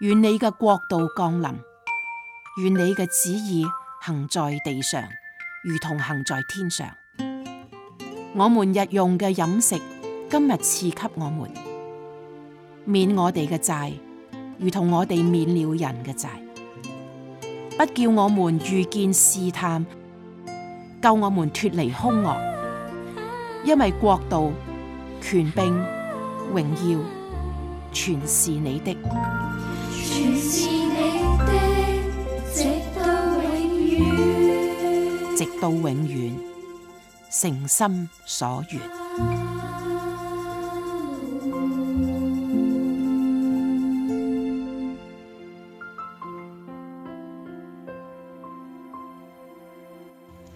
願你嘅國度降臨，願你嘅旨意行在地上，如同行在天上。我們日用嘅飲食，今日賜給我們，免我哋嘅債，如同我哋免了人嘅債。不叫我們遇見試探，救我們脫離兇惡。因為國度、權柄、榮耀，全是你的。全是你的，直到永遠，直到永遠，誠心所願。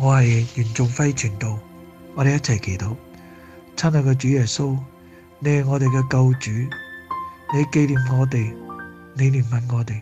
我係袁仲輝傳道，我哋一齊祈禱。親愛嘅主耶穌，你係我哋嘅救主，你紀念我哋。你憐憫我哋，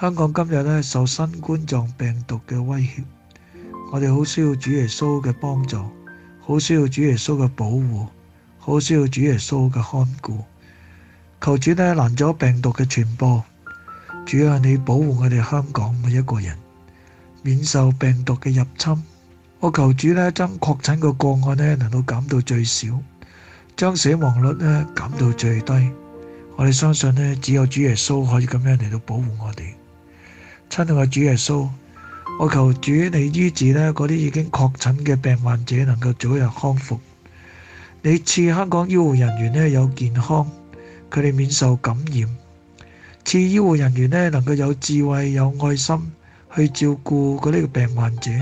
香港今日咧受新冠狀病毒嘅威脅，我哋好需要主耶穌嘅幫助，好需要主耶穌嘅保護，好需要主耶穌嘅看顧。求主咧攔阻病毒嘅傳播，主要係，你保護我哋香港每一個人，免受病毒嘅入侵。我求主咧將確診嘅個案呢能夠減到最少，將死亡率呢減到最低。我哋相信呢，只有主耶穌可以咁樣嚟到保護我哋。親愛的主耶穌，我求主你醫治呢嗰啲已經確診嘅病患者，能夠早日康復。你賜香港醫護人員呢有健康，佢哋免受感染。賜醫護人員呢能夠有智慧、有愛心去照顧嗰啲病患者，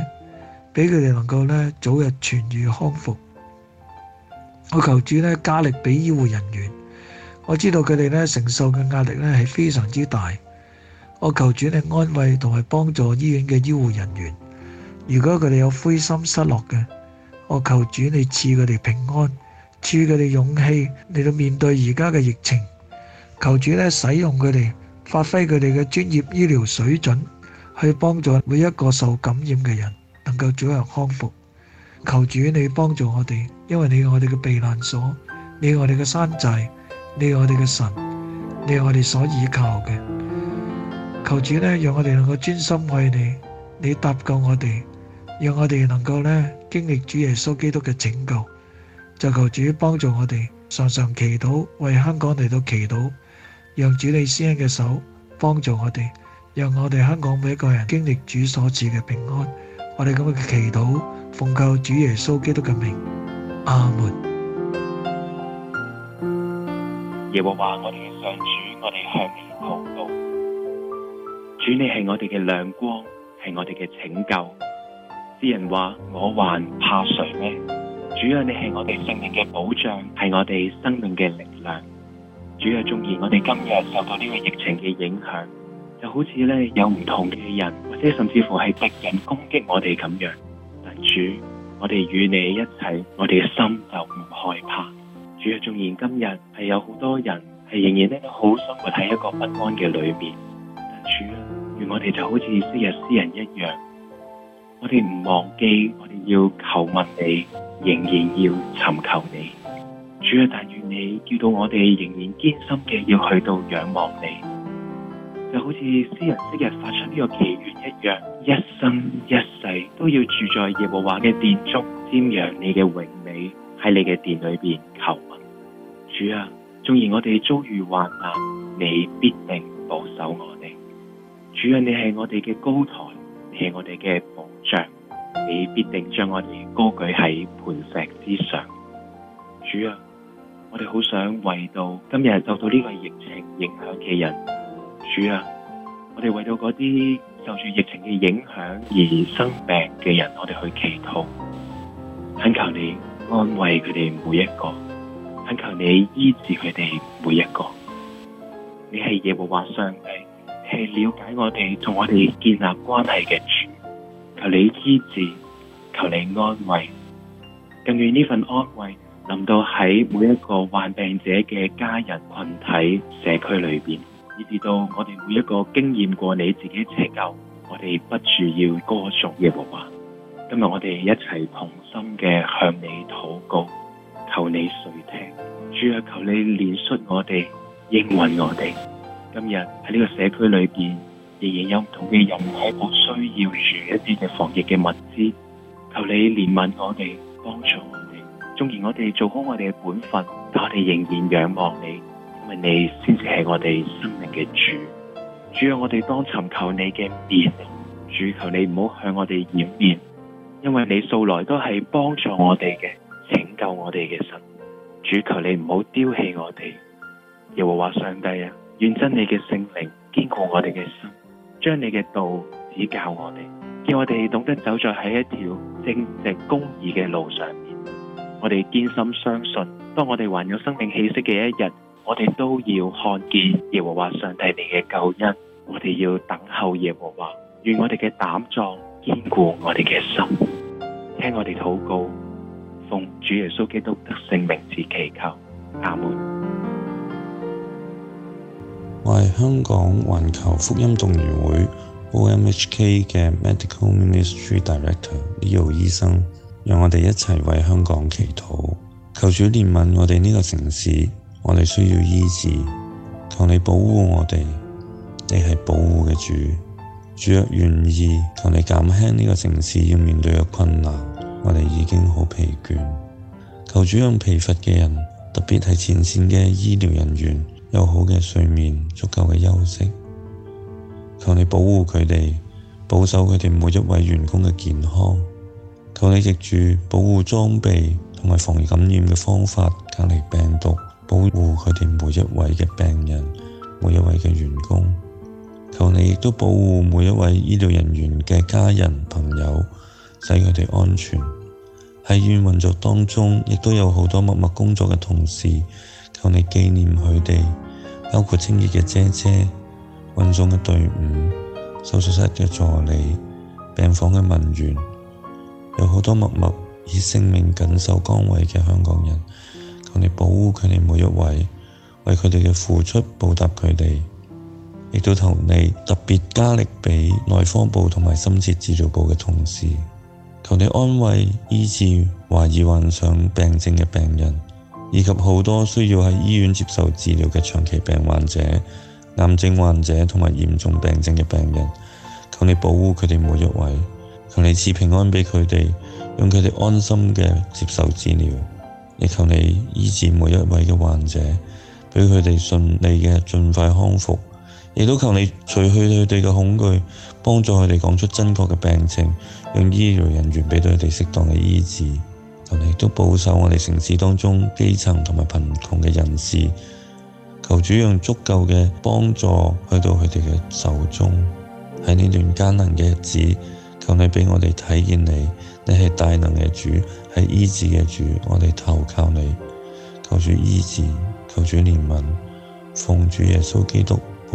俾佢哋能夠呢早日痊癒康復。我求主呢加力俾醫護人員。我知道佢哋咧承受嘅壓力咧係非常之大。我求主你安慰同埋幫助醫院嘅醫護人員。如果佢哋有灰心失落嘅，我求主你賜佢哋平安，賜佢哋勇氣嚟到面對而家嘅疫情。求主咧使用佢哋，發揮佢哋嘅專業醫療水準，去幫助每一個受感染嘅人能夠早日康復。求主你幫助我哋，因為你係我哋嘅避難所，你係我哋嘅山寨。你係我哋嘅神，你係我哋所依靠嘅，求主咧讓我哋能夠專心為你，你搭救我哋，讓我哋能夠咧經歷主耶穌基督嘅拯救，就求主幫助我哋，常常祈禱為香港嚟到祈禱，讓主你施恩嘅手幫助我哋，讓我哋香港每一個人經歷主所賜嘅平安，我哋咁嘅祈禱奉靠主耶穌基督嘅名，阿門。耶和華，我哋嘅上主，我哋向你禱告。主，你係我哋嘅亮光，係我哋嘅拯救。詩人話：我還怕誰呢？主啊，你係我哋性命嘅保障，係我哋生命嘅力量。主啊，縱然我哋今日受到呢個疫情嘅影響，就好似呢有唔同嘅人，或者甚至乎係敵人攻擊我哋咁樣，但主，我哋與你一齊，我哋嘅心就唔害怕。若縱然今日係有好多人係仍然咧好生活喺一個不安嘅裏面，但主啊，願我哋就好似昔日詩人一樣，我哋唔忘記，我哋要求問你，仍然要尋求你，主啊，但願你叫到我哋仍然堅心嘅要去到仰望你，就好似詩人昔日發出呢個祈願一樣，一生一世都要住在耶和華嘅殿中，瞻仰你嘅榮美喺你嘅殿裏邊求。主啊，縱然我哋遭遇患難，你必定保守我哋。主啊，你係我哋嘅高台，你係我哋嘅保障，你必定將我哋高舉喺磐石之上。主啊，我哋好想為到今日受到呢個疫情影響嘅人，主啊，我哋為到嗰啲受住疫情嘅影響而生病嘅人，我哋去祈禱，懇求你安慰佢哋每一個。懇求你醫治佢哋每一個，你係耶和華上帝，係了解我哋同我哋建立關係嘅主。求你醫治，求你安慰，更願呢份安慰臨到喺每一個患病者嘅家人群體社區裏邊，以至到我哋每一個經驗過你自己拯救，我哋不住要歌頌耶和華。今日我哋一齊同心嘅向你禱告。求你垂聽，主要求你憐恤我哋，應允我哋。今日喺呢個社區裏邊，仍然有唔同嘅人喺度需要住一啲嘅防疫嘅物資。求你憐憫我哋，幫助我哋。縱然我哋做好我哋嘅本分，但我哋仍然仰望你，因為你先至係我哋生命嘅主。主要我哋當尋求你嘅面，主求你唔好向我哋掩面，因為你素來都係幫助我哋嘅。救我哋嘅神，主求你唔好丟棄我哋。耶和華上帝啊，願真你嘅聖靈堅固我哋嘅心，將你嘅道指教我哋，叫我哋懂得走在喺一條正直公義嘅路上面。我哋堅心相信，當我哋還有生命氣息嘅一日，我哋都要看見耶和華上帝你嘅救恩。我哋要等候耶和華，願我哋嘅膽壯堅固我哋嘅心，聽我哋禱告。奉主耶穌基督得勝名字祈求阿門。我係香港環球福音動員會 OMHK 嘅 Medical Ministry Director Leo 醫生，讓我哋一齊為香港祈禱，求主憐憫我哋呢個城市，我哋需要醫治，求你保護我哋，你係保護嘅主，主若願意，求你減輕呢個城市要面對嘅困難。我哋已經好疲倦，求主讓疲乏嘅人，特別係前線嘅醫療人員有好嘅睡眠，足夠嘅休息。求你保護佢哋，保守佢哋每一位員工嘅健康。求你藉住保護裝備同埋防感染嘅方法隔離病毒，保護佢哋每一位嘅病人，每一位嘅員工。求你亦都保護每一位醫療人員嘅家人、朋友。使佢哋安全喺醫院運作當中，亦都有好多默默工作嘅同事，求你紀念佢哋，包括清潔嘅姐姐、運送嘅隊伍、手術室嘅助理、病房嘅文員，有好多默默以性命緊守崗位嘅香港人，求你保護佢哋每一位，為佢哋嘅付出報答佢哋，亦都同你特別加力俾內科部同埋深切治療部嘅同事。求你安慰醫治懷疑患上病症嘅病人，以及好多需要喺醫院接受治療嘅長期病患者、癌症患者同埋嚴重病症嘅病人。求你保護佢哋每一位，求你賜平安畀佢哋，讓佢哋安心嘅接受治療。亦求你醫治每一位嘅患者，畀佢哋順利嘅盡快康復。亦都求你除去佢哋嘅恐懼，幫助佢哋講出真確嘅病情，讓醫療人員俾到佢哋適當嘅醫治。求你都保守我哋城市當中基層同埋貧窮嘅人士，求主用足夠嘅幫助去到佢哋嘅手中。喺呢段艱難嘅日子，求你俾我哋睇見你，你係大能嘅主，係醫治嘅主，我哋投靠你。求主醫治，求主憐憫，奉主耶穌基督。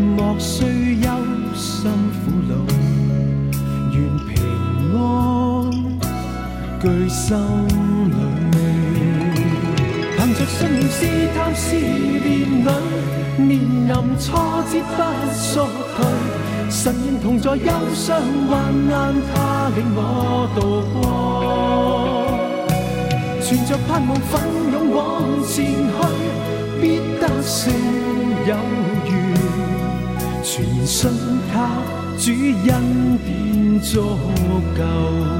莫需憂心苦惱，願平安居心裏。憑 着信念，試探思念裏，面臨挫折不衰退。神應同在，憂傷患難他領我渡過。存着盼望，奮勇往前去，必得勝有。全身靠主恩典足夠。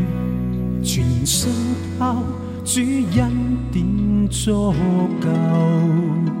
全身靠主恩典足夠。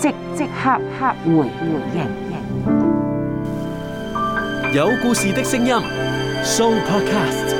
即即刻刻，刻回回應。有故事的聲音，Show Podcast。